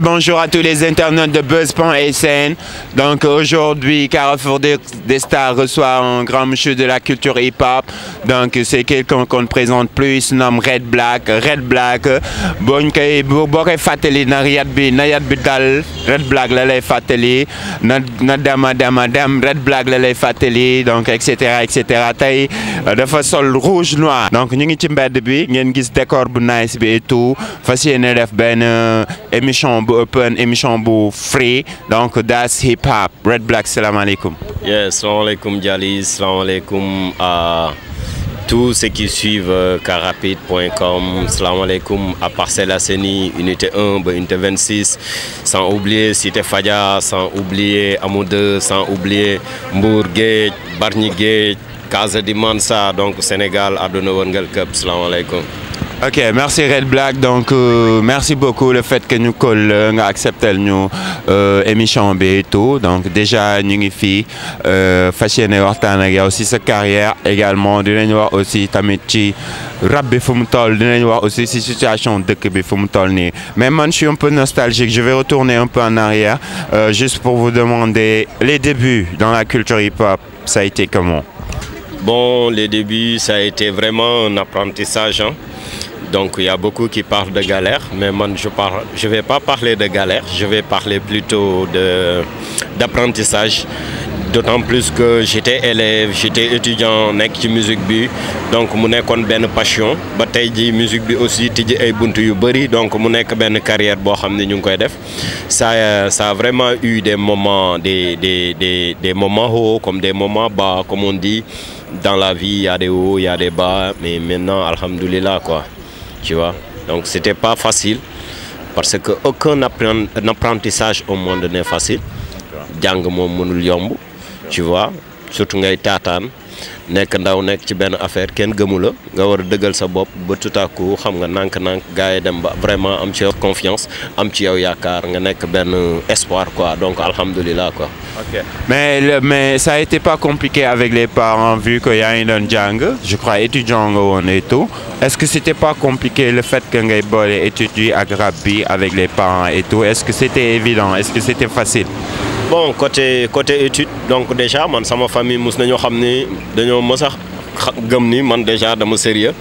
bonjour à tous les internautes de SN. Donc aujourd'hui, Carrefour des Stars reçoit un grand monsieur de la culture hip-hop. Donc c'est quelqu'un qu'on ne présente plus, il se nomme Red Black. Red Black, bon kay boo koy fàttali na bi na yat bi dal Red Black la lay fàttali na na dama dama Red Black la lay donc et cetera et cetera rouge noir. donc nous sommes ci mbedd bi faire gis décor bu nice bi et tout Facile yéene def euh, émission open emission chambou free donc that's hip hop red black salam alaikum yes salam alaikum Jali salam alaikum à tous ceux qui suivent euh, carapide.com salam alaikum à Parcelles seni unité 1 unité 26 sans oublier Cité faya sans oublier amoude sans oublier Mbour Guedj Bargny Casa di Mansa donc Sénégal àdduna wërngal cup salam alaikum Ok, merci Red Black. Donc, euh, merci beaucoup le fait que nous collons, acceptons nous euh, émission et tout. Donc, déjà, nous avons fait euh, aussi sa carrière également. Nous avons aussi Tamichi. rap bi nous mu aussi situation de mais moi je suis un peu nostalgique je vais retourner un peu en arrière euh, juste pour vous demander les débuts dans la culture hip-hop ça a été comment Bon, les débuts ça a été vraiment un apprentissage hein. Donc il y a beaucoup qui parlent de galère, mais moi je ne vais pas parler de galère, je vais parler plutôt d'apprentissage. D'autant plus que j'étais élève, j'étais étudiant avec musique bi donc mu école passion ba musique aussi ay buntu donc mu école ben carrière euh, ça a vraiment eu des moments des moments hauts comme des moments bas comme on dit dans la vie il y a des hauts il y a des bas mais maintenant alhamdulillah quoi tu vois. Donc c'était pas facile parce que aucun apprentissage au monde n'est facile. yomb tu vois surtout ngay nek ndaw nek ci ben affaire ken geumula nga wara deugal sa bop ba tout à coup xam nga nank nank gaay dem ba vraiment am ci confiance am ci yow yaakaar nga nek ben espoir quoi donc alhamdoulillah quoi. ok mais le, mais ça a été pas compliqué avec les parents vu que y a une jàng je crois étudiant nga woon et tout est-ce que c'était pas compliqué le fait que ngay bolé étudier à ak avec les parents et tout est-ce que c'était évident est-ce que c'était facile bon côté côté étude donc déjà man sama famille mos nañoo xam ni dañoo mës a ni man déjà dama sérieux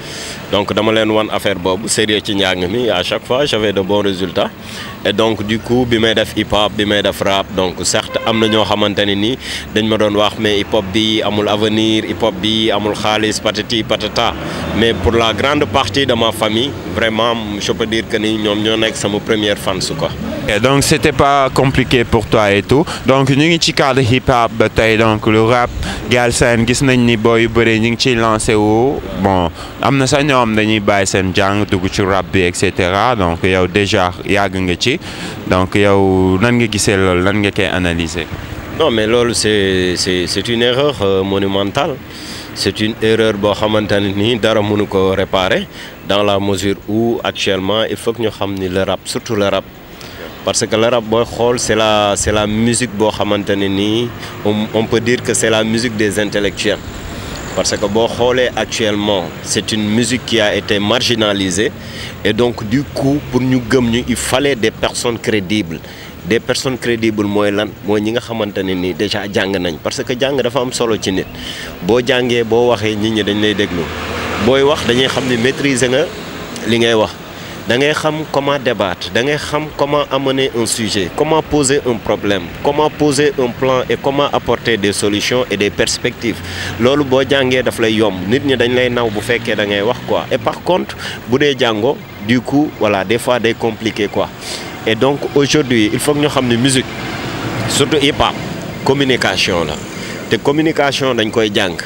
donc, dans mon affaire Bob, sérieux Chinyangmi, à chaque fois, j'avais de bons résultats. Et donc, du coup, je me suis hip-hop, je me suis rap. Donc, certes, je nañoo xamante ni dañ ma suis wax mais hip-hop bi amul avenir hip-hop bi amul xaalis patati patata mais pour la grande partie de ma famille vraiment je peux dire que ni ñoom ñoo nekk sama première fan quoi donc c'était pas compliqué pour toi et tout donc ñu ngi ci cadre hip-hop donc le rap Galsen gis nañ ni booy yu ñu ngi ciy wu bon ñoom dañuy bàyyi seen jàng dugg ci rap et cetera donc a déjà yàgg nga ci donc yow nan nga gisee loolu nan qui est analyser. non mais là c'est c'est c'est une erreur euh, monumentale c'est une erreur que nous ni dara mënu réparer dans la mesure où actuellement il faut que nous amenions le rap surtout le rap. parce que le rap c'est la c'est la musique que nous ni on peut dire que c'est la musique des intellectuels. Parce que Boholé actuellement, c'est une musique qui a été marginalisée. Et donc, du coup, pour nous gommer, il fallait des personnes crédibles. Des personnes crédibles, moi, là, moi, nous savons déjà Djang. Parce que Djang, c'est un solo chinit. Bo si bo Wahé, nous sommes des gens. Bo Wahé, nous sommes maîtrisés. Ce que da comment débattre comment amener un sujet comment poser un problème comment poser un plan et comment apporter des solutions et des perspectives loolu boo jàngee daf lay yom nit ñi dañ lay naw bu da et par contre vous savez du coup voilà des fois c'est compliqué quoi et donc aujourd'hui il faut que nous xam musique surtout hip hop communication la communication dañ koy jàng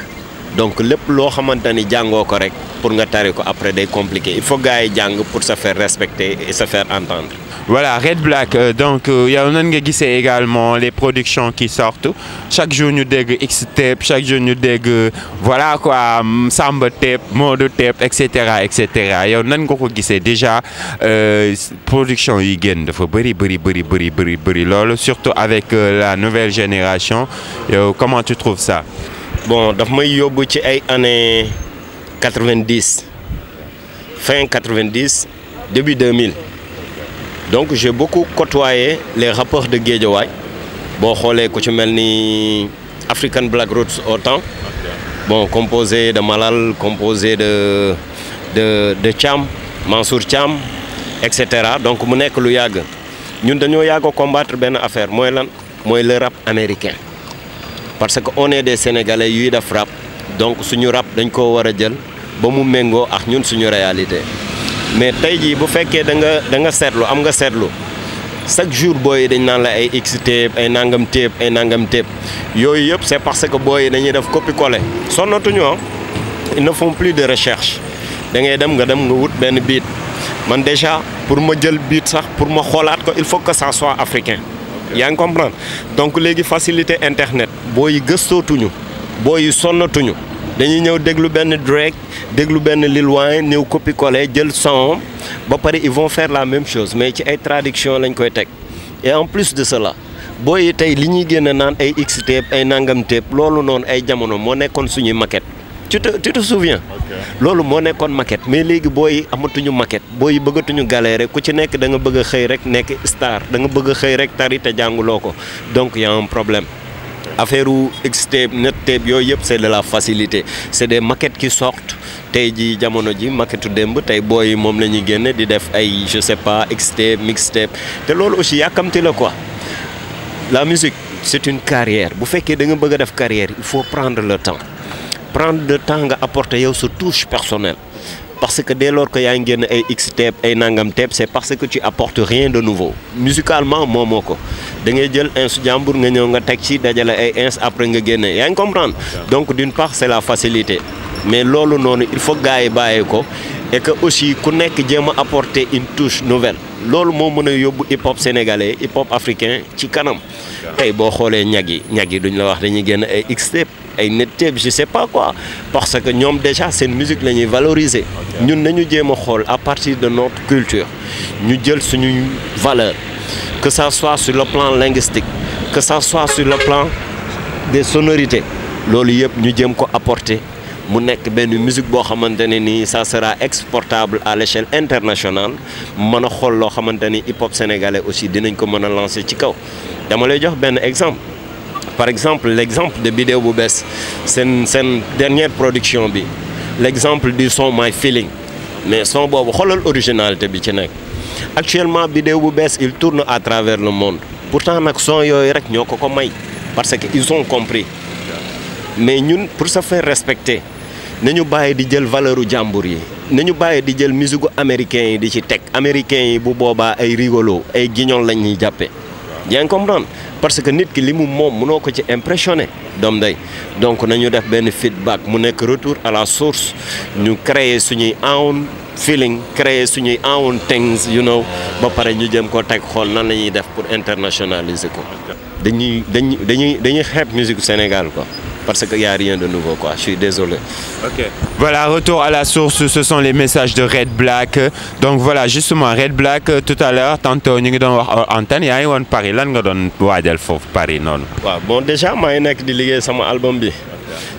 donc le plus important est Django correct pour nga ko après des compliqué il faut gagner les pour se faire respecter et se faire entendre. Voilà, Red Black, euh, donc il y a un également les productions qui sortent. Chaque jour nous avons X-Tape, chaque jour nous dég euh, voilà quoi, Samba Tape, Mode Tape, etc. etc. Il y a un déjà euh, production Il de bari bari bari surtout avec euh, la nouvelle génération. comment tu trouves ça bon je suis venu ci en années fin 90, début 2000. donc j'ai beaucoup côtoyé les rapports de Guédiouaï. Bon, xoolee ku ci African Black Roots autant bon composé de Malal composé de de de Mansour Cham, etc. donc je suis lu à combattre une affaire Moi, le rap américain parce que on est des sénégalais yuy def rap donc suñu rap dañ koo war a jël ba mu méngoo ak ñun suñu réalité mais tey jii bu faites da nga da nga seetlu am nga seetlu chaque jour booy dañ naan x tape, ay nangam tape, ay nangam tape. yooyu c'est parce que des copies def copier-coller sonnatuñoo ah. ils ne font plus de recherche da ngay dem nga dem nga wut benn beat man déjà pour ma le beat sax pour ma xoolaat ko il faut que ça soit africain yaa comprendre donc léegi facilité internet booy gëstootuñu booy yi sonnatuñu dañuy ñëw déglu benn Drake déglu benn Lil Wayne ñëw copier-coller jël son ba pare ils vont faire la même chose mais ci ay traduction lañ koy teg et en plus de cela booy yi tey li ñuy génne naan ay x tape ay nangam tape loolu noonu ay jamono moo nekkoon suñuy maquette tu te tu te souviens. loolu mo nekkone maquette mais léegi booy amatuñu maquette booy bëggatuñu galérer ku ci nekk da nga bëgg xey rek nekk star da nga bëgg xey rek tari te jànguloo ko donc y a un problème. affaire u x e Net-Tape yooyu yëpp c'est de la facilité c'est des maquettes qui sortent tey ji jamono ji maquette demb tay boy mom lañuy ñuy di def ay je sais pas X-Tape mixtape té loolu aussi yakamti la quoi la musique c'est une carrière bu féké da nga bëgg def carrière il faut prendre le temps prendre le temps nga apporter yow sa touche personnelle parce que dès lors que y a un ay x tape ay nangam tape c'est parce que tu apportes rien de nouveau musicalement moomoo ko da ngay jël ins jàmbur nga ñëw nga teg ci et ay ins après nga génne comprendre donc d'une part c'est la facilité mais lolo non, il faut gars bah, ko et que aussi ku nekk jéem apporter une touche nouvelle Lolo, moo mën a hip hop sénégalais hip hop africain ci kanam tey boo nyagi, ñag yi ñag yi duñ la wax dañuy x ay étape je sais pas quoi parce que nous avons déjà une musique valorisée Nous valoriser ñun nañu à partir de notre culture Nous avons une valeur que ce soit sur le plan linguistique que ce soit sur le plan des sonorités loolu yëpp ñu jéem ko apporter mu musique qui sera exportable à l'échelle internationale Nous avons xool hip hop sénégalais aussi dinañ ko un lancer exemple par exemple l'exemple de Bideo Boubès, c'est une dernière production l'exemple du son My Feeling mais son est original, originalité actuellement Bideo Boubès il tourne à travers le monde pourtant il son a rek parce qu'ils ont compris mais pour se faire respecter nous avons des valeurs valeur u nous avons des musiques américaines, jël musique américain yi di ci teg américain rigolo yaa ngi comprendre parce que nit ki li mu moom munoo ko ci impressionné doom day donc nañu def benn feedback mu nekk retour à la source ñu créer suñuy own feeling créer suñuy own things yu know ba pare ñu jëm ko teg xool nan lañuy def pour internationaliser ko. dañuy dañuy dañuy dañuy xeeb musique Sénégal quoi. parce qu'il n'y a rien de nouveau. Quoi. Je suis désolé. Voilà, retour à la source, ce sont les messages de Red Black. Donc voilà, justement, Red Black, euh, tout à l'heure, tantôt, nous avons il y a Paris. Qu'est-ce que tu as Paris Bon, déjà, je suis mon album.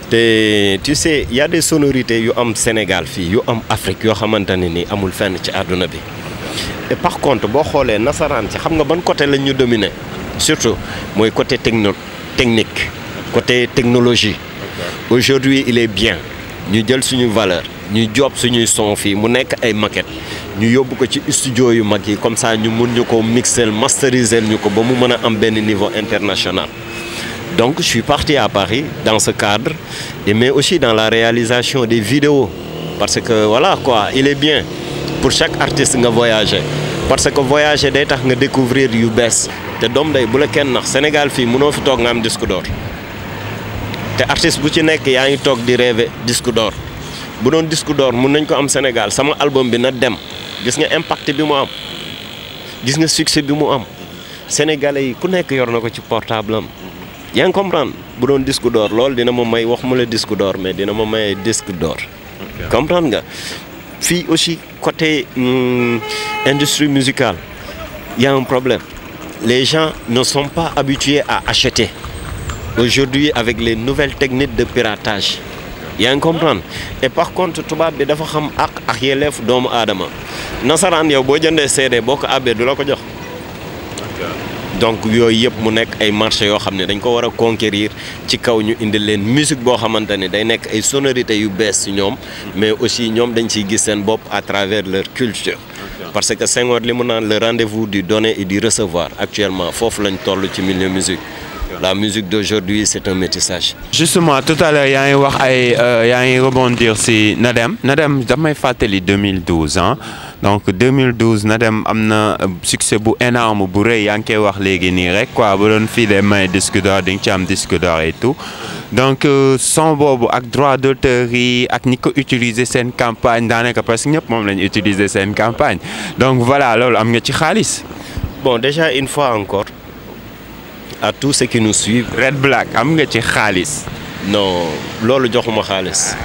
tu sais y a des sonorités yu Sénégal qui sont am Afrique ni amul fenn ci et par contre si côté surtout le côté techno technique côté technologie aujourd'hui il est bien Nous avons une valeur nous avons suñuy son nous mu en ay maquette ñu avons ko ci studio yu comme ça nous pouvons mixer... masteriser nous ko ba mu niveau international donc je suis parti à Paris dans ce cadre et mais aussi dans la réalisation des vidéos parce que voilà quoi il est bien pour chaque artiste nga voyager parce que voyager c'est découvrir yu baisse. te doom day bu la Sénégal vous avez fi toog nga am disque d'or te artistes bu ci nekk yaa ngi toog di rêver disque d'or bu doon disque d'or mun nañ ko am Sénégal sama album bi na dem gis nga impact bi mu am gis nga succès bi mu am sénégalais yi ku nekk yor na ko ci portable am yaa ngi comprendre bu doon disque d'or loolu dina ma may wax mu la disque d'or mais dina ma may disque d'or comprendre nga fii aussi côté hmm, industrie musicale y a un problème les gens ne sont pas habitués à acheter aujourd'hui avec les nouvelles techniques de piratage il a ngi comprendre et par contre tubaab bi dafa xam ak ak yelleef doomu aadama nasaraan yow boo jëndee CD boo ko àbbee du la ko jox donc yooyu yep mu nekk ay marché yoo xam dañ ko conquérir ci kaw ñu indi leen musique boo xamante ne day nekk ay sonorités yu bees ci ñoom mais aussi ñoom dañ ciy gis seen bopp à travers leur culture parce que Senghor li mu naan le rendez-vous du donner et du recevoir actuellement foofu lañ toll ci milieu musique la musique d'aujourd'hui, c'est un métissage. Justement, tout à l'heure, il y a un wax il y a un rebondir c'est Nadem. Nadem, 2012 hein. Donc 2012 Nadem amna succès énorme bu les gens qui wax légui ni rek quoi bu doon fi des mains disque d'or ding disque d'or et tout. Donc euh, sans bobu ak droit d'auteur yi ak niko utiliser cette campagne danaka parce que ñep mom lañ utiliser campagne. Donc voilà, alors, am nga ci xaliss. Bon, déjà une fois encore à tous ceux qui nous suivent. Red Black am nga ci Khalis non loolu joxuma Khalis.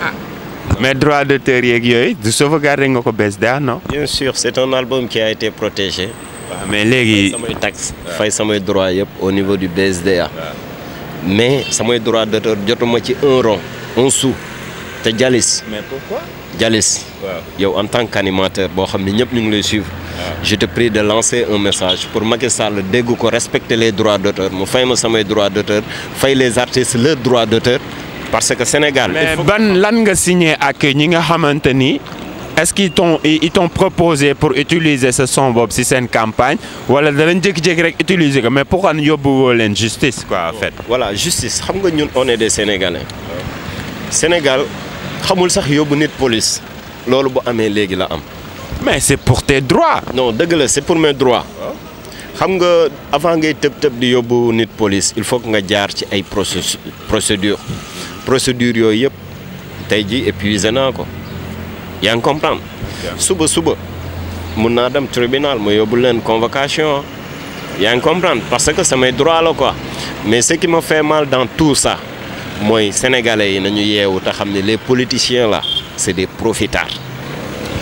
Ah. Ah. mais droit d'auteur yeeg tu du sauvegarder nga ko non. bien sûr C'est un album qui a été protégé. mais léegi samay taxe fay samay droit au niveau du BSDA. mais samay droit d'auteur jotuma ci un rond un sou te jalis. mais pourquoi. Jalis yow en tant qu'animateur Bon, je te prie de lancer un message pour Macky Sall dégg ko respecter les droits d'auteur mu fay ma samay droits d'auteur fay les artistes leurs droits d'auteur parce que Sénégal. mais ban lan nga signé ak ñi nga xamante est-ce qu'ils t'ont proposé pour utiliser ce son si c'est une campagne wala alors, ils ont rek utiliser mais pourquoi yóbbu woo leen justice quoi en fait. voilà justice xam nga on est des Sénégalais Sénégal xamul sax yóbbu nit police lolou bu amé légui la am. mais c'est pour tes droits. non c'est pour mes droits. xam avant ngay teub teub di pas, police il faut que tu jaar ci ay La procédure procédure épuisée. yëpp comprends. Je épuisé naa ko tribunal mo suis une convocation Tu comprends parce que c'est mes droits. mais ce qui me fait mal dans tout ça les sénégalais les politiciens c'est des profiteurs.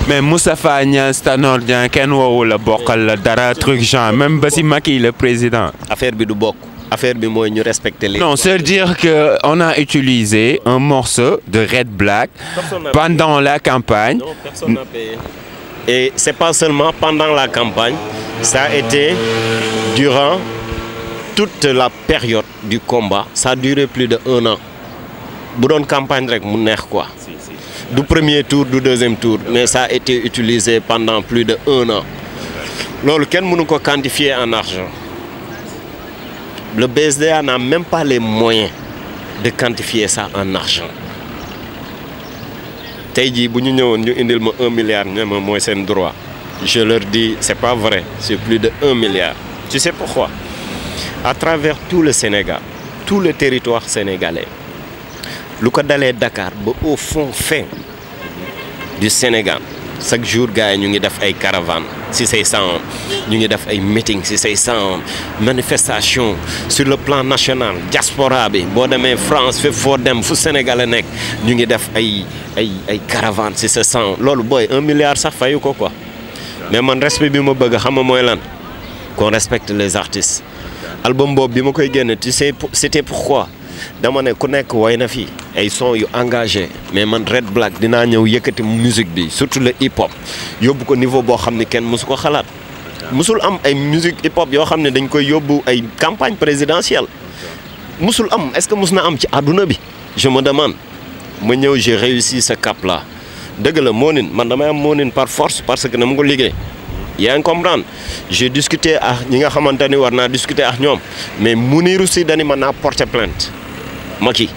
mais Moussa Fagnas, Stanordien, Ken la dara truc même Basimaki, le président. affaire de affaire bi nous ñu les. non c'est dire qu'on a utilisé un morceau de Red Black. pendant la campagne. non personne n'a payé. et c'est pas seulement pendant la campagne ça a été durant toute la période du combat ça a duré plus de un an bu campagne rek mu quoi du premier tour du deuxième tour mais ça a été utilisé pendant plus de un an quantifier en argent le BSDA n'a même pas les moyens de quantifier ça en argent un milliard je leur dis c'est pas vrai c'est plus de un milliard tu sais pourquoi à travers tout le Sénégal tout le territoire sénégalais le ko à Dakar au fond fin du Sénégal chaque jour nous avons fait ngi def ay caravanes ci say ñu ngi def meeting sur le plan national diaspora bi France fait fort dem sénégalais nous ñu ngi def caravanes un milliard ça fait quoi mais mon respect je ma bëgg qu'on respecte les artistes album Bob, bima koy guen tu sais c'était pourquoi dama ne ku nek wayna fi ay son yu engagé mais man Red Black dina ñëw yëkëti musique bi surtout le hip hop yóbbu ko niveau bo xamni ni kenn mosu ko xalaat musul am ay musique hip hop yo xamni dañ koy yobbu ay campagne présidentielle musul am est-ce que mus am ci aduna bi je me demande ma ñëw j'ai réussi ce cap là deug la moonin man dama am moonin par force parce que na mu ko liggéey yaa comprendre j'ai discuté ak ñi nga xamante ni war naa discuter ak ñoom mais muniru Sy Dany mën naa porter plainte Macky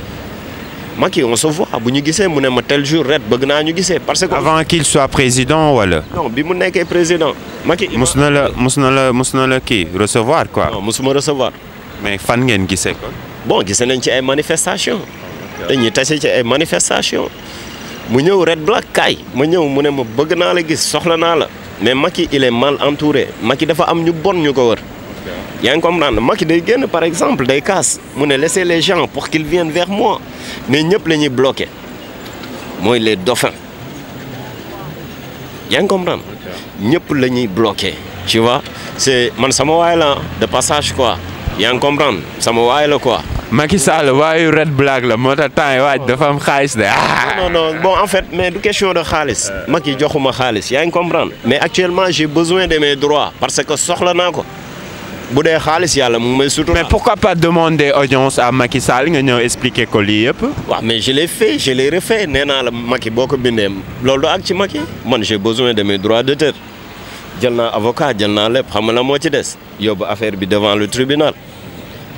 Macky on se voit bu ñu gisee mu ne ma tel jour ret bëgg naa ñu gisee parce que. avant qu'il soit président wala. non bi mu nekkee président. Macky mus na la mus na la mus na la kii recevoir quoi. non musuma recevoir. mais fan ngeen gisee quoi? bon gisee nañ ci ay manifestations. dañuy tase ci ay manifestations. mu ñëw red black kay ma ñëw mu ne ma bëgg naa la gis soxla naa la mais Macky il est mal entouré Macky dafa am ñu bon ñu ko wër. yaa ngi comprendre Macky day genn par exemple day casse mu ne laissé les gens pour qu'ils viennent vers moi mais ñepp lañuy ñuy bloqué mooy les dauphins yaa ngi comprendre. ñepp lañuy ñuy bloqué. tu vois c'est man sama waay la de passage quoi yaa ngi comprendre sama waay la quoi. Macky Sall waayu red black la mon tax temps yi waaj dafa am khalis de. Ah. non non bon en fait mais du question de chalice. Euh. Macky joxuma y a une comprendre. mais actuellement j'ai besoin de mes droits. parce que soxla naa ko. bu dee xaalis yàlla surtout. mais pourquoi pas demander audience à Macky Sall nga ñëw expliquer ko un peu? waaw mais je l'ai fait je l'ai refait néna naa la Macky beaucoup bien. bindee loolu du ak ci Macky Moi, j'ai besoin de mes droits terre. J'ai un avocat jël naa lépp xam nga la moo ci des yóbbu affaire bi devant le tribunal.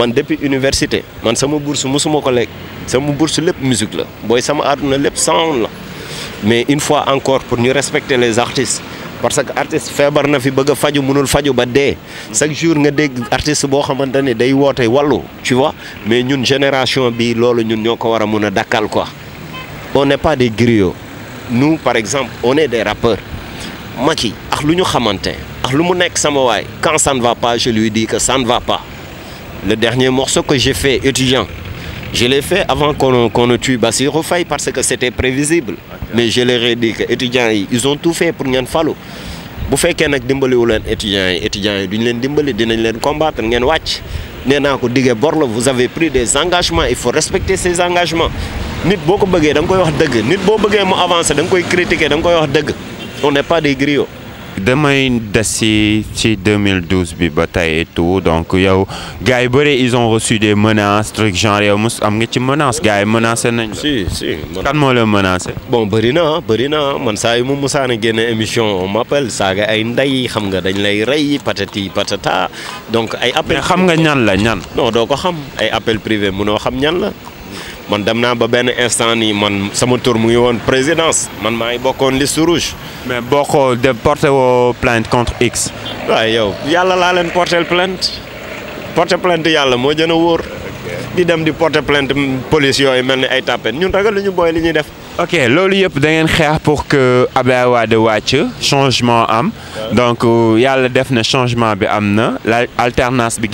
man depuis université man sama bourse mosuma ko lekk sama bourse lepp musique la boy sama àdduna lepp sound la mais une fois encore pour nous respecter les artistes parce que artiste febar na fi bëgg faju mënul faju ba dé chaque jour nga dégg artiste bo xamantani day woté walu tu vois mais ñun génération bi lolu ñun ñoko wara mëna dakal quoi on n'est pas des griots nous par exemple on est des rappeurs Macky ak luñu xamanté ak lu mu nekk sama way quand ça ne va pas je lui dis que ça ne va pas le dernier morceau que j'ai fait, étudiant, je l'ai fait avant qu'on ne tue Bassir Faye parce que c'était prévisible. Mais je leur ai dit ils ont tout fait pour nous Fallo. Si vous étudiants étudiant, étudiants duñ étudiants, dimbali dinañ combattre watch. vous avez pris des engagements il faut respecter ces engagements nit boko on n'est pas des griots Demain 2012 bi et tout donc gars ils ont reçu des menaces genre am menace gars yi si si kan le bon brina man say émission on m'appelle ça ay nday xam nga dañ patati patata donc ay. appel privé man dem naa ba benn instant nii man sama tour mu ngi liste rouge. mais boo de porté plainte contre X. waaw yow yàlla laa leen porté plainte porté plainte a wóor. di dem di plainte police yooyu mel ay ñun def. ok loolu pour que Abdoulaye Wade wàcc changement am. donc yàlla def na changement bi am la alternance bi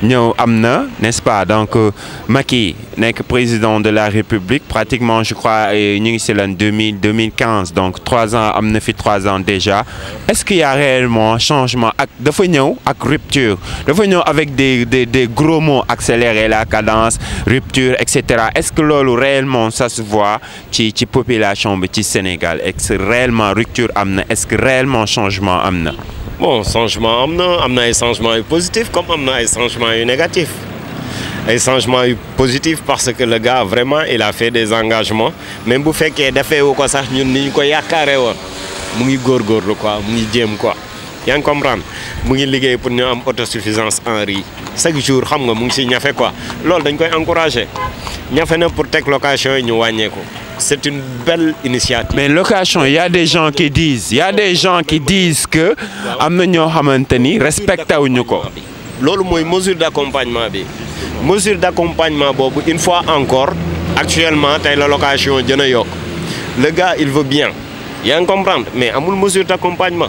nous sommes n'est-ce pas donc euh, Macky président de la République pratiquement je crois il 2015 donc trois ans am fait trois ans déjà est-ce qu'il y a réellement un changement ak dafa à rupture dafa avec des gros mots accélérer la cadence rupture etc. est-ce que l'eau réellement ça se voit ci la population petit Sénégal est-ce que réellement rupture est-ce que réellement changement bon changement amna, amna un changement positif comme amna est changement négatif Un changement positif parce que le gars vraiment il a fait des engagements même fait des defeewu ou sax ñun ni ñu ko yaakaaree woon mu ngi gorgor quoi mu ngi quoi yang comprenez comprendre mu pour am autosuffisance en riz chaque jour xam sais il ngi si fait quoi ce dañ koy encouragé Nous na pour cette location c'est une belle initiative. Mais location, il y a des gens qui disent, il y a des gens qui disent que nous Hamanteni respecte Aounyoko. C'est moy mesure d'accompagnement Mesure d'accompagnement une fois encore actuellement tay la location New York. Le gars il veut bien. Il y a comprendre mais amul mesure d'accompagnement.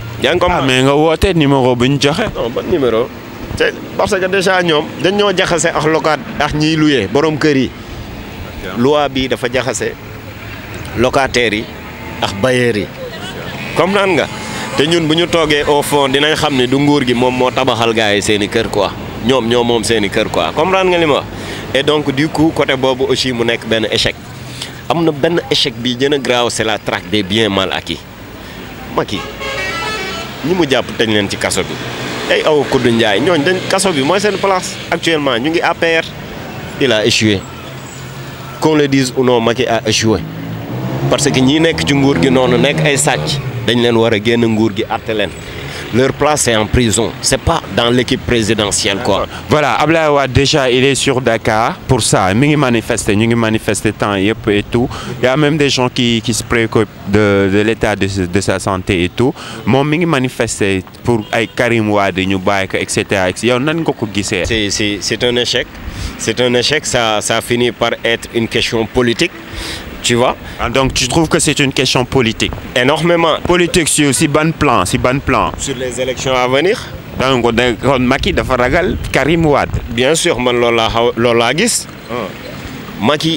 yang comme ah, xamé nga woté numéro buñ joxé non ban numéro té parce que déjà ñom dañ jaxassé ak locat ak ñi loué borom kër yi loi bi dafa jaxassé locataire yi ak bailleur yi comme nan nga té ñun buñu togué au fond dinañ xamné du nguur gi mom mo tabaxal gaay seeni kër quoi ñom ñom mom seeni kër quoi comprendre nga lima et donc du coup côté bobu aussi mu nek ben échec amna ben échec bi gëna graw c'est la traque des biens mal acquis maki ñi mu jàpp tëj leen ci kaso bi ay aw kudd njaay ñooñ dañ kaso bi mooy seen place actuellement ñu ngi APR il a échoué qu'on le dise ou non a échoué parce que ñii nekk ci nguur gi noonu nekk ay sàcc dañ leen war a génn nguur gi àtte leen leur place est en prison. C'est pas dans l'équipe présidentielle quoi. Voilà, Ablaoua déjà il est sur Dakar pour ça. Il manifeste, il manifeste tant et tout. Il y a même des gens qui, qui se préoccupent de, l'état de, sa santé et tout. Mon il manifeste pour Karim Wade, etc. C'est un échec. C'est un échec. Ça, ça finit par être une question politique. Tu vois ah, Donc tu trouves que c'est une question politique Énormément. Politique sur aussi bon plan, plan. Sur les élections à venir donc Karim Ouad bien sûr ah.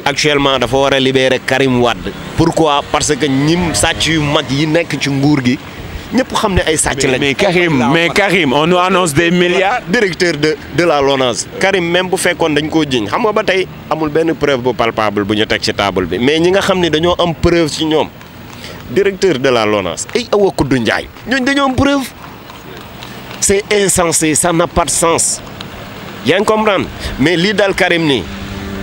actuellement libérer Karim Ouad pourquoi parce que ñim ça yu ñëpp ay mais Karim mais Karim on nous annonce des milliards. directeur de de la LONAS. Karim même bu faire dañ koo jiñ xam nga ba amul preuve palpable bu ñu ci table mais ñi nga que nous am preuve ci directeur de la LONASE ay a Koudou Ndiaye ñooñu dañoo am preuve c'est insensé ça n'a pas de sens Vous comprenez? mais l'idée d'al Karim ni.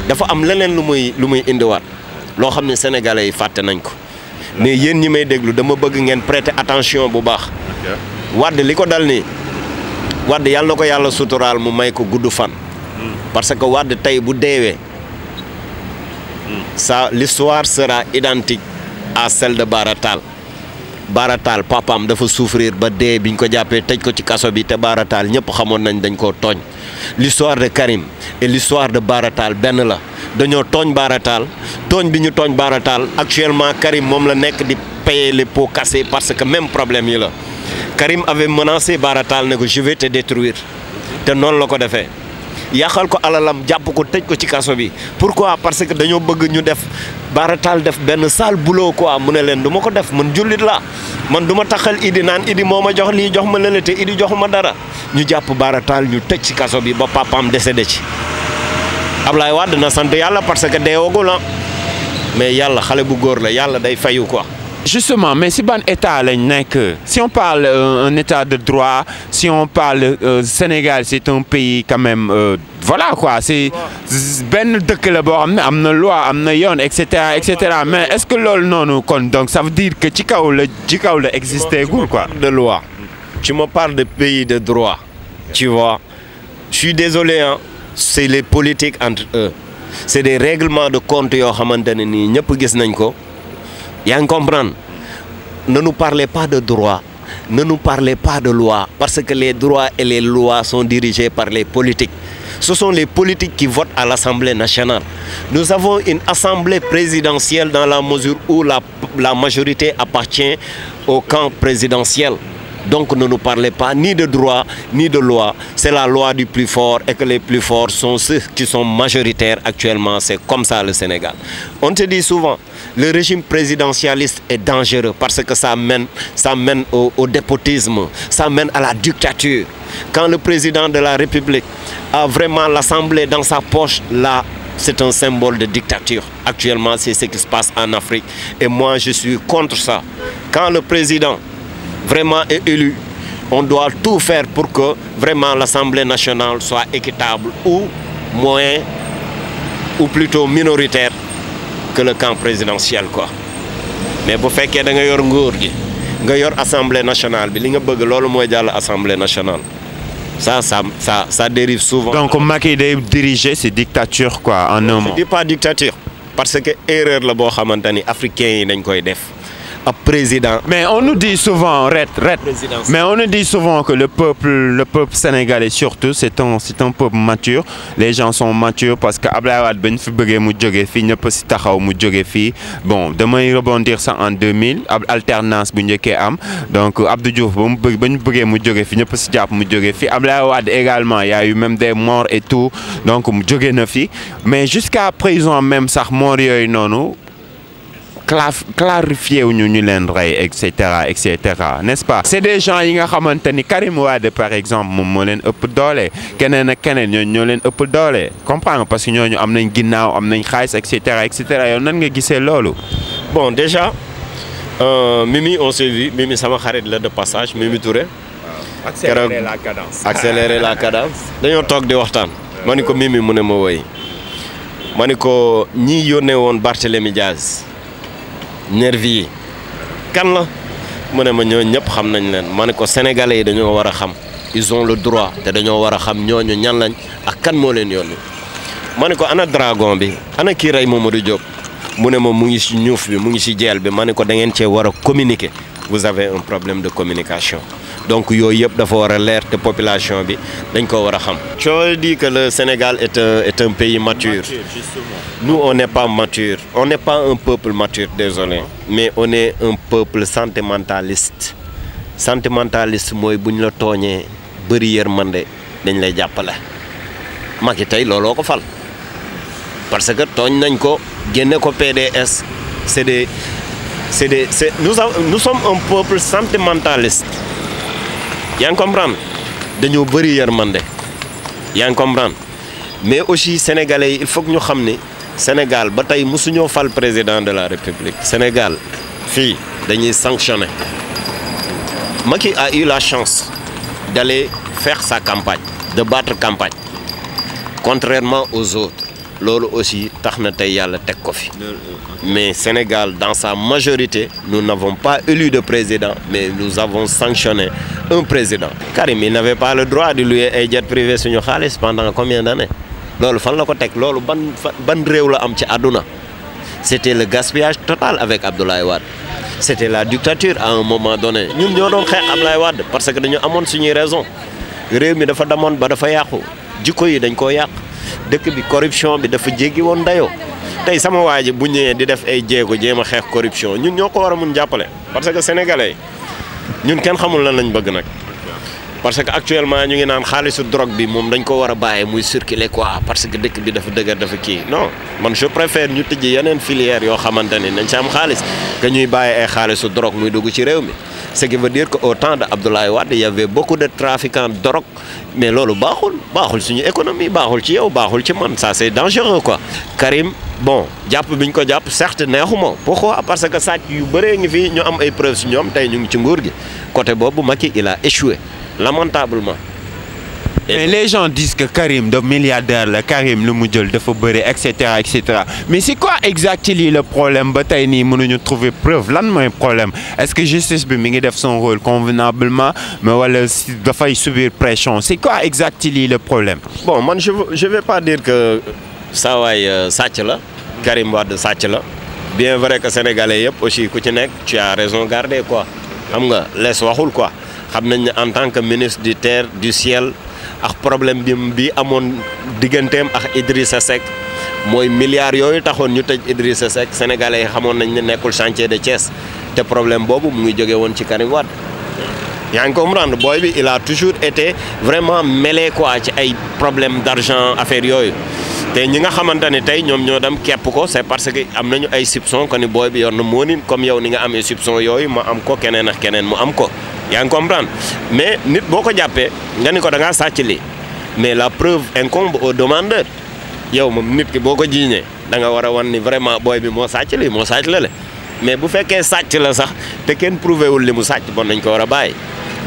dafa am leneen lu muy lu muy indiwaat loo xam sénégalais yi fàtte nañ mais yeen ñi may déglu dama bëgg ngeen prêter attention bu baax. wad liko dal ni wad yalla ko yàlla suturaal mu may ko gudd fan. Hmm. parce que wad tay bu déwé hmm. sa l'histoire sera identique à celle de Baratal. Baratal papam dafa souffrir ba dé biñ ko jappé tej ko ci kasso bi te Baratal ñëpp xamoon nañ dañ ko togn l'histoire de Karim et l'histoire de Baratal ben la dañoo togn baratal, togn biñu togn baratal. actuellement Karim mom la nek di payer les pots cassés parce que même problème yi la Karim avait menacé baratal, ne je vais te détruire te non, la ko défé yàqal ko alalam japp ko tëj ko ci kasso bi pourquoi parce que dañoo bëgg ñu def baratal def ben sale boulot quoi mu ne leen du ko def man jullit la man duma taxal idi nan idi moma jox li jox ma lële te idi joxuma dara ñu japp baratal ñu tëj ci kasso bi ba papam décédé ci. Ablaye Wade na sant yalla parce que deewagul ah. la mais yalla xalé bu gor la yalla day fayu quoi. Justement, mais si ban état lañ nek si on parle euh, un état de droit si on parle euh, Sénégal c'est un pays quand même euh, voilà quoi c'est ben deuk la bo xamné amna loi amna na yoon et cetera et cetera mais est-ce que lol non kon donc ça veut dire que ci kaw la ci kaw la exister gul quoi. de loi tu me parles de pays de droit. tu vois je suis désolé hein c'est les politiques entre eux c'est des règlements de compte que nous ne gis ne nous parlez pas de droit ne nous parlez pas de loi parce que les droits et les lois sont dirigés par les politiques ce sont les politiques qui votent à l'Assemblée nationale nous avons une assemblée présidentielle dans la mesure où la majorité appartient au camp présidentiel donc ne nous parlez pas ni de droit ni de loi. C'est la loi du plus fort et que les plus forts sont ceux qui sont majoritaires actuellement. C'est comme ça le Sénégal. On te dit souvent, le régime présidentialiste est dangereux parce que ça mène, ça mène au, au dépotisme, ça mène à la dictature. Quand le président de la République a vraiment l'Assemblée dans sa poche, là, c'est un symbole de dictature. Actuellement, c'est ce qui se passe en Afrique. Et moi, je suis contre ça. Quand le président vraiment élu, on doit tout faire pour que vraiment l'Assemblée nationale soit équitable ou moins, ou plutôt minoritaire que le camp présidentiel. Quoi. Mais pour faire que y l'Assemblée une Assemblée nationale, vous c'est l'Assemblée nationale. Ça, ça, ça, ça, dérive souvent. Donc, comment diriger diriger ces dictatures, quoi, en un Je ne dis pas dictature, parce que l'erreur, les Africains, est ont fait à président. mais on nous dit souvent ret ret. mais on nous dit souvent que le peuple le peuple sénégalais surtout c'est un c'est un peuple mature les gens sont matures parce que Abdoulaye Wade ba ñu fi bëggee mu jógee fii ñëpp si taxaw mu jógee fii bon demain rebondir ça en 2000 alternance bu njëkkee am donc Abdou Diouf ba mu mu si jàpp mu jógee fii Ablaye Wade également y a eu même des morts et tout donc mu na fi mais jusqu'à présent même sax morts yooyu noonu clarifier wu ñu ñu leen etc et cetera et cetera n'est-ce pas c'est des gens yi nga xamante ni Karim Wade par exemple moom moo leen ëpp doole Kenen ak keneen ñooñu ñoo leen ëpp doole comprends parce que ñooñu am nañ ginnaaw am nañ et cetera et cetera yow nan nga gisee loolu. bon déjà euh, Mimi on se vit Mimi sama xarit la de passage Mimi Touré. accélérer la cadence accélérer la cadence. dañoo toog di waxtaan. ma Mimi mu ne ma Maniko ni ko ñi yónnee woon Barthélémy nervi kan la mu ne ma ñoo ñëpp xam nañ leen ma ne ko sénégalais yi dañoo war a xam ils le droit te dañoo war a xam ñooñu ñan lañ ak kan moo leen yónni ma ne ko ana dragon bi ana kii rey Mamadou Diop mu ne ma mu ngi si ñuuf bi mu ngi si jeel bi ma ne ko da ngeen cee war a communiquer vous avez un problème de communication donc il faut alerter la population bi dañ ko dit que le Sénégal est un pays mature. nous on n'est pas mature on n'est pas un peuple mature désolé mais on est un peuple sentimentaliste sentimentaliste mooy bu le la tooñee je yërmande dañ lay jàppale. ce que lolo ko parce que tonne, nañ ko je ko PDS c'est des nous, sommes un peuple sentimentaliste. Vous comprenez Nous sommes beaucoup Vous comprenez Mais aussi, les Sénégalais, il faut que nous sachions Sénégal, bataille, nous sommes le président de la République. Sénégal, fille, nous sanctionné. qui a eu la chance d'aller faire sa campagne, de battre campagne, contrairement aux autres lolo aussi taxna tay yalla tek ko mais Sénégal dans sa majorité nous n'avons pas élu de président mais nous avons sanctionné un président Karim il n'avait pas le droit de lui ay jet privé suñu xaalis pendant combien d'années loolu fan lako tek ban ban rew la am ci c'était le gaspillage total avec Abdoulaye Wad. c'était la dictature à un moment donné Nous, ñoo doon xex Abdoulaye Wad, parce que dañu avons une raison rew mi dafa damone ba dafa yàqu jikko yi dañ dëkk bi corruption bi dafa jéggi woon dayoo tey sama waaj bu ñëwee di def ay jéego jéem a xeex corruption ñun ñoo ko war a mun jàppale parce que sénégalais ñun kenn xamul lan lañ bëgg nag. parce que actuellement ñu ngi naan xaalisu drogue bi moom dañ ko war a bàyyi muy circuler quoi parce que dëkk bi dafa dëgër dafa kii non man je préfère ñu tëjji yeneen filière yoo xamante ni nañ si am xaalis que ñuy bàyyi ay xaalisu drogue muy dugg ci réew mi. Ce qui veut dire qu'au temps d'Abdoulaye Wade, il y avait beaucoup de trafiquants de drogue. Mais lolo bahul, bahul c'est une économie, bahul c'est bahul c'est moi Ça c'est dangereux quoi. Karim, bon, diap bin ko diap, certes néhuma. Pourquoi Parce que ça, tu brèves une vie, nous avons des preuves sur nous, nous avons des Côté Bobo Maki, il a échoué, lamentablement les gens disent que Karim le milliardaire Karim le mu milliardaire dafa etc., mais c'est quoi exactement le problème ba Nous trouver preuve Là, problème est-ce que justice bi mi son rôle convenablement mais il doit subir subir pression c'est quoi exactement le problème. bon moi je ne vais pas dire que ça va être. la Karim va la bien vrai que sénégalais aussi ku tu as raison garder quoi xam nga quoi en tant que ministre du terre du ciel. ax problème bi bi amoon digganteem ak Idrissa sec mooy milliards yooyu taxoon ñu tëj Idrissa Seck sénégalais yi xamoon nañ ne nekkul chantier de Thiès te problème boobu mu ngi jóge woon ci Karim Wade yaa ngi comprendre booy bi il a toujours été vraiment mêlé quoi ci ay problème d'argent affaire yooyu te ñi nga xamante ni tey ñoom ñoo dem képp ko c'est parce que am nañu ay soupçon que ni booy bi yor na moo comme yow ni nga amee soupçon yooyu ma am ko keneen ak keneen mu am ko yaa ngi comprendre mais nit boo ko jàppee nga ni ko da ngaa sàcc lii mais la preuve incombe o demandeur yow moom nit ki boo ko jiiñee da nga war a wan ni vraiment booy bi moo sàcc lii moo sàcc la le mais bu fekkee sàcc la sax te kenn prouvé wul li mu sàcc bon nañ ko war a bàyyi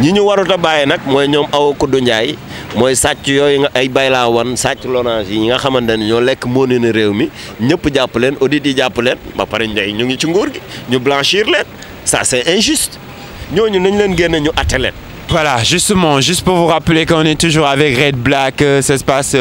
ñi ñu warut a bàyyi nag mooy ñoom awa kuddu njaay mooy sàcc yooyu nga ay baylaa wan sàcc lonage yi nga xamante ne ñoo lekk moo ne réew mi ñëpp jàpp leen audit yi jàpp leen ba pare njay ñu ngi ci nguur gi ñu blanchir leen ça c'est injuste Voilà, justement, juste pour vous rappeler qu'on est toujours avec Red Black, euh, ça se passe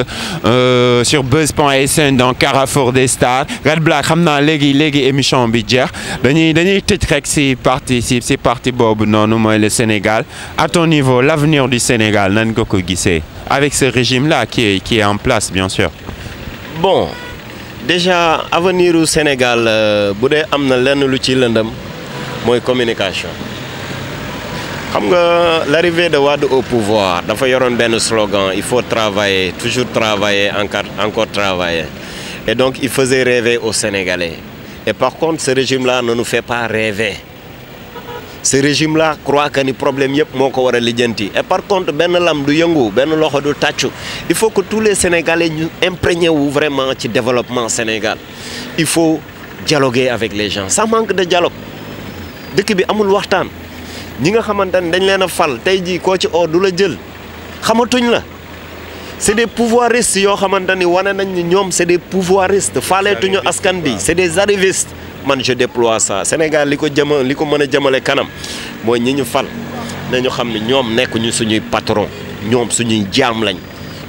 euh, sur buzz.sn dans Carrefour des Stars. Red Black, xamna légui légui émission bi Bidjer. Dañuy dañuy tëj rek ci parti ci ci parti Non, le Sénégal. À ton niveau, l'avenir du Sénégal nan ko ko gissé avec ce régime là qui est qui est en place bien sûr. Bon, déjà avenir du Sénégal euh, avez amna lenn lu ci communication l'arrivée de Wade au pouvoir il y a un slogan il faut travailler toujours travailler encore travailler et donc il faisait rêver aux Sénégalais et par contre ce régime-là ne nous fait pas rêver ce régime-là croit que y problème des problèmes, et par contre il faut que tous les Sénégalais nous imprégnent vraiment ci développement Sénégal il faut dialoguer avec les gens ça manque de dialogue ñi nga xamante ne dañ leen a fal tey jii koo ci oo du la jël xamatuñ la c'est des pouvoiristes yoo xamante ni wane nañ ni ñoom c'est des pouvoiristes faaleetuñu askan bi c'est des arrivistes man je déploie ça Sénégal li ko jëma li ko mën a jëmale kanam mooy ñi ñu fal nañu xam ne ñoom nekkuñu suñuy patron ñoom suñuy jaam lañ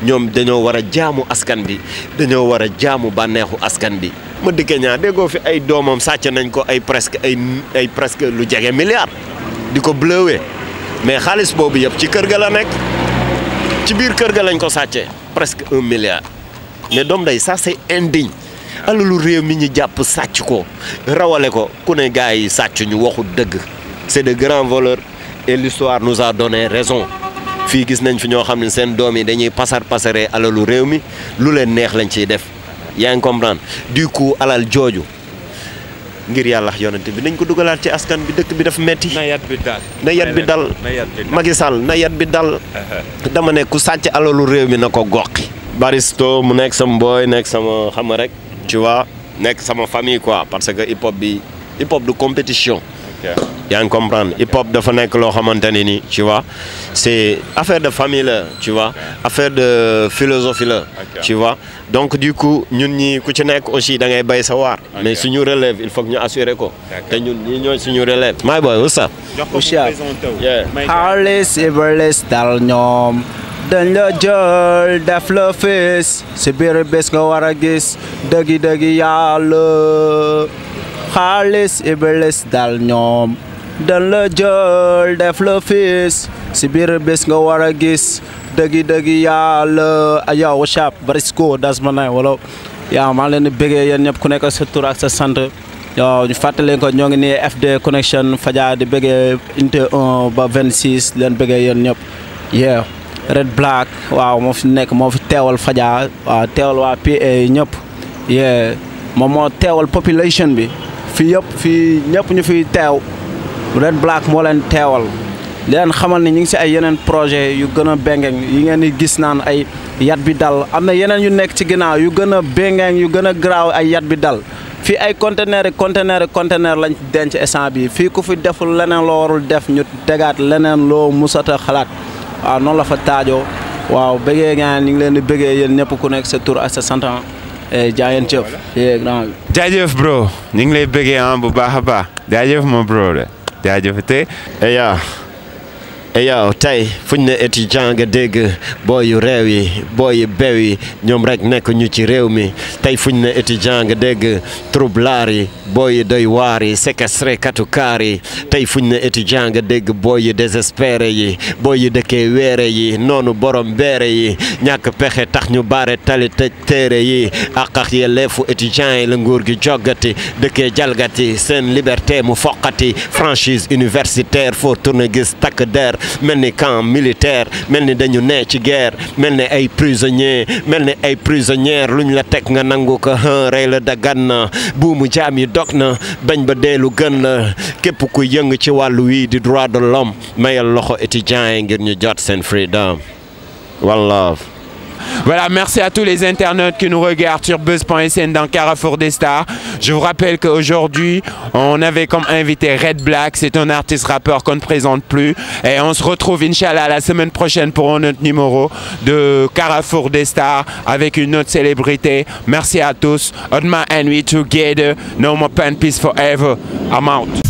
ñoom dañoo war a jaamu askan bi dañoo war a jaamu bànneexu askan bi ma dikke ñaa déggoo fi ay doomam sàcc nañ ko ay presque ay ay presque lu jege milliard diko ko mais xaliss bobu yëpp ci kër ga la nek ci biir kër ga lañ ko sàccee presque 1 milliard mais doom day ça c'est indigne alulu rew mi ñi japp sàcc ko rawale ko ku ne gars yi sàcc ñu waxu deug c'est de grands voleurs et l'histoire nous a donné raison fi gis nañ fi ñoo xamni sen domi dañuy passer passeré alulu rew mi lu leen neex lañ ci def yaa ngi comprendre du coup alal jojo ngir yàlla yonent bi nañ ko dugalaat ci askan bi dëkk bi dafa metti na yat bi dal na yat bi dal Macky Sall na yat bi dal dama ne ku sàcc alalu réew mi na ko goqi baristo mu nekk sama booy nekk sama xama rek ci waa nekk sama famille quoi parce que hip hop bi hip hop du compétition Yang comprendre hip hop dafa nekk loo xamante ne ni tu vois c'est affaire de famille là, tu vois affaire de philosophie là, tu vois donc du coup ñun ñi ku ci nek aussi da ngay bay sa waar mais suñu relève il faut que ñu assurer ko té ñun ñi ñoy suñu relève my boy what's up xaalis everless dal ñom dañ la jël def le fees si biir bés nga war a gis dëggi dëggi yàlla xaalis ibalis dal ñom dan la jël def le fils si bir bes nga war a gis dëggi-dëggi ya ayaw wachap barisko das manay wala ya ma len di bëggee ñep ku nekk sa tur ak sa centre yo ya, ñu fatale ko ñoo ngi FD connection Fadia di bëggee inte 1 ba 26 len bëggee ñep yeah red black waaw mo fi nekk mo fi teewal Fadia wa teewal wa PA ñep yeah mo mo tewal population bi fi yëpp fi ñep ñu fi teew Red Black moo leen teewal di leen xamal ni ñu ngi si ay yeneen projet yu gën a bengeeng yi ngeen di gis naan ay yat bi dal am na yeneen yu nekk ci ginnaaw yu gën a bengeeng yu gën a garaaw ay yat bi dal fii ay conteneur yi conteneur yi lañ denc essence bi fii ku fi deful leneen loo warul def ñu tegaat leneen loo musata xalaat waaw noonu la fa taajo waaw bëggee ngaa ñu ngi leen di bëggee yéen ñëpp ku nekk sa tur ak sa sant eh, jaayeen jëf. jaajëf bro ñu ngi lay bëggee ah bu baax a baax jaajëf ma bro Radyo FT. E, ja, Eh, yow tey fu ñu ne étudiant nga dégg booy yu réew yi booy yu beew yi ñoom rek nekk ñu ci réew mi tey fuñ ñu ne étudiant nga dégg troublard yi booy yu doy waar yi séquestré katu yi tey fu ñu ne étudiant nga dégg booy yu désespéré yi booy yu dëkkee weere yi noonu borom beere yi ñàkk pexe tax ñu bare tali téere yi àq ak yelleefu étudiant yi la nguur gi joggati dëkkee jalgati seen liberté mu foqati franchise universitaire foo tourné gis takk der mel ni camp militaire mel ni dañu nee ci guerre mel ni ay prisonnier mel ni ay prisonnière lu ñu la teg nga nangu ko rey la dagan na buumu jaam yi dog na bañ ba deelu gën la képp ku yëng ci wàllu wii di droit de l'homme mayal loxo étudiants yi ngir ñu jot seen freedom one Voilà, merci à tous les internautes qui nous regardent sur buzz.sn dans Carrefour des Stars. Je vous rappelle qu'aujourd'hui, on avait comme invité Red Black. C'est un artiste rappeur qu'on ne présente plus. Et on se retrouve, Inch'Allah, la semaine prochaine pour un autre numéro de Carrefour des Stars avec une autre célébrité. Merci à tous. Odma and we together. No more pen peace forever. I'm out.